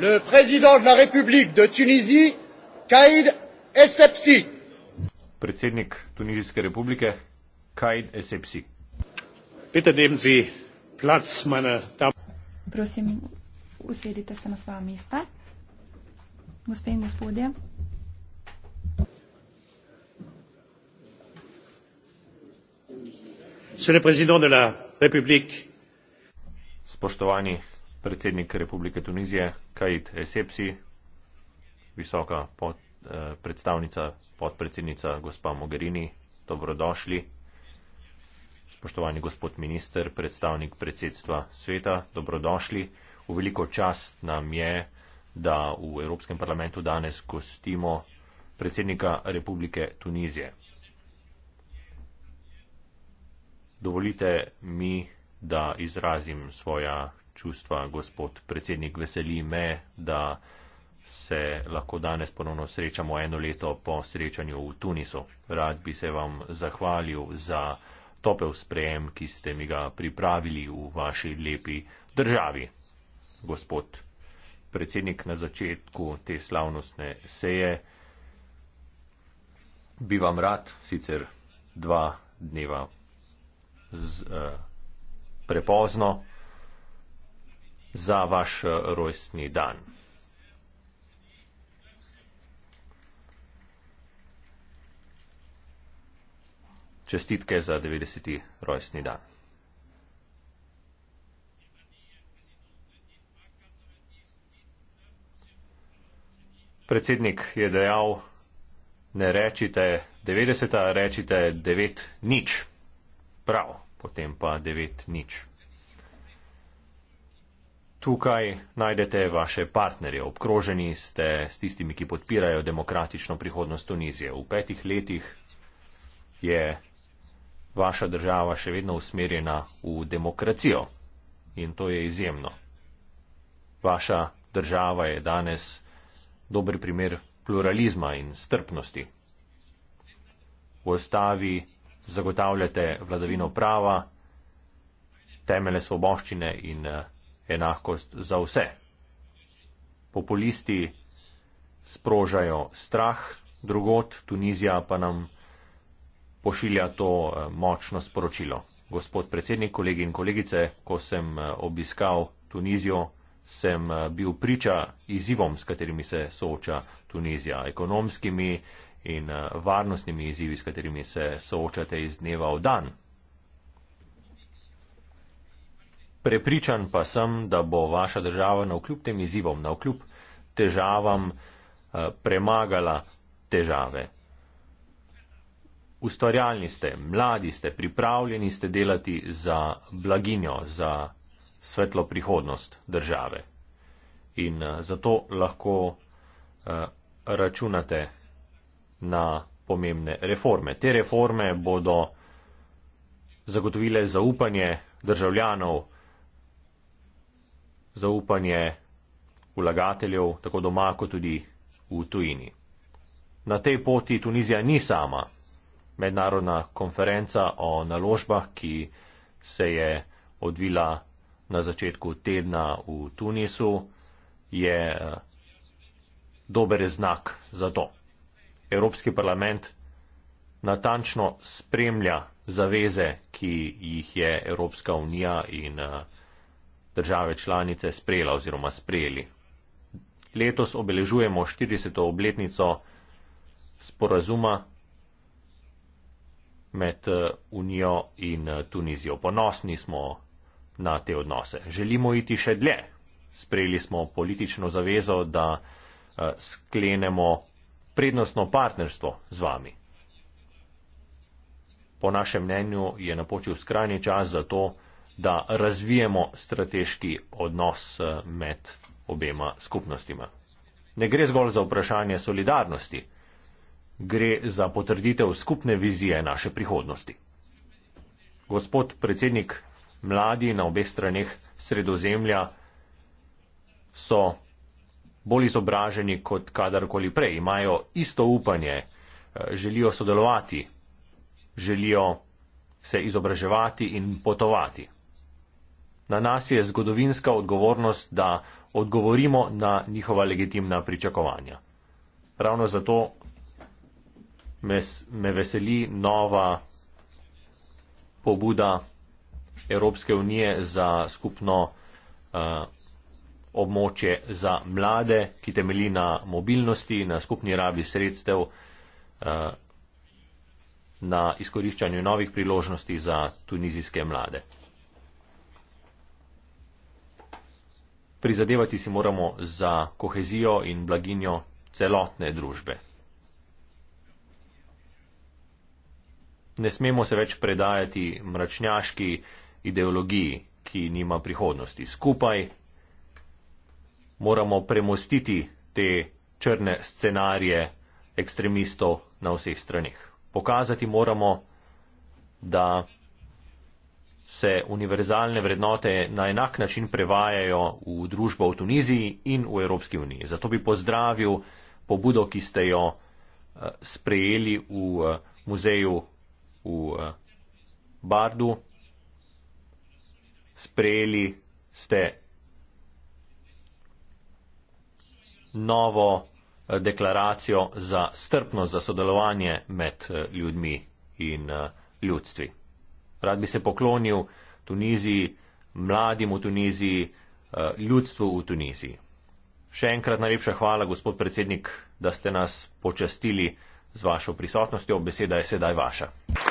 le président de la République de Tunisie, Kaïd Essebsi. Predsednik Tunizijske republike Kaid Essebsi. Prosim, usedite se na svoje mesta. Gospe in gospodje. Monsieur le président de la République. Spoštovani predsednik Republike Tunizije Kajit Esepsi, visoka pod, eh, predstavnica, podpredsednica gospa Mogherini, dobrodošli. Spoštovani gospod minister, predstavnik predsedstva sveta, dobrodošli. V veliko čast nam je, da v Evropskem parlamentu danes gostimo predsednika Republike Tunizije. Dovolite mi, da izrazim svoja čustva, gospod predsednik, veseli me, da se lahko danes ponovno srečamo eno leto po srečanju v Tunisu. Rad bi se vam zahvalil za topel sprejem, ki ste mi ga pripravili v vaši lepi državi. Gospod predsednik, na začetku te slavnostne seje bi vam rad sicer dva dneva z, eh, prepozno za vaš eh, rojstni dan. Čestitke za 90. rojstni dan. Predsednik je dejal, ne rečite 90, rečite 9 nič. Prav, potem pa 9 nič. Tukaj najdete vaše partnerje, obkroženi ste s tistimi, ki podpirajo demokratično prihodnost Tunizije. V petih letih je vaša država še vedno usmerjena v demokracijo in to je izjemno. Vaša država je danes dober primer pluralizma in strpnosti. V ostavi zagotavljate vladavino prava, temele svoboščine in. Eh, enakost za vse. Populisti sprožajo strah drugot, Tunizija pa nam pošilja to eh, močno sporočilo. Gospod predsednik, kolegi in kolegice, ko sem eh, obiskal Tunizijo, sem eh, bil priča izzivom, s katerimi se sooča Tunizija, ekonomskimi in varnostnimi izzivi, s katerimi se soočate iz dneva v dan. Prepričan pa sem, da bo vaša država navkljub tem izzivom, navkljub težavam, eh, premagala težave. Ustvarjalni ste, mladi ste, pripravljeni ste delati za blaginjo, za svetlo prihodnost države. In eh, zato lahko eh, računate na pomembne reforme. Te reforme bodo zagotovile zaupanje državljanov, zaupanje vlagateljev, tako doma, kot tudi v tujini. Na tej poti Tunizija ni sama. Mednarodna konferenca o naložbah, ki se je odvila na začetku tedna v Tunisu, je eh, dober znak za to. Evropski parlament natančno spremlja zaveze, ki jih je Evropska unija in uh, države članice sprejela oziroma sprejeli. Letos obeležujemo 40. obletnico sporazuma med eh, Unijo in eh, Tunizijo. Ponosni smo na te odnose. Želimo iti še dlje. Sprejeli smo politično zavezo, da eh, sklenemo prednostno partnerstvo z vami. Po našem mnenju je napočil skrajni čas za to, da razvijemo strateški odnos eh, med obema skupnostima. Ne gre zgolj za vprašanje solidarnosti, gre za potrditev skupne vizije naše prihodnosti. Gospod predsednik, mladi na obeh straneh sredozemlja so bolj izobraženi kot kadarkoli prej, imajo isto upanje, eh, želijo sodelovati, želijo se izobraževati in potovati. Na nas je zgodovinska odgovornost, da odgovorimo na njihova legitimna pričakovanja. Ravno zato me, me veseli nova pobuda Evropske unije za skupno uh, območje za mlade, ki temeli na mobilnosti, na skupni rabi sredstev, uh, na izkoriščanju novih priložnosti za tunizijske mlade. prizadevati si moramo za kohezijo in blaginjo celotne družbe. Ne smemo se več predajati mračnjaški ideologiji, ki nima prihodnosti. Skupaj moramo premostiti te črne scenarije ekstremistov na vseh straneh. Pokazati moramo, da se univerzalne vrednote na enak način prevajajo v družbo v Tuniziji in v Evropski uniji. Zato bi pozdravil pobudo, ki ste jo eh, sprejeli v eh, muzeju v eh, Bardu. Sprejeli ste novo deklaracijo za strpnost, za sodelovanje med ljudmi in ljudstvi rad bi se poklonil Tuniziji, mladim v Tuniziji, eh, ljudstvu v Tuniziji. Še enkrat najlepša hvala, gospod predsednik, da ste nas počastili z vašo prisotnostjo. Beseda je sedaj vaša.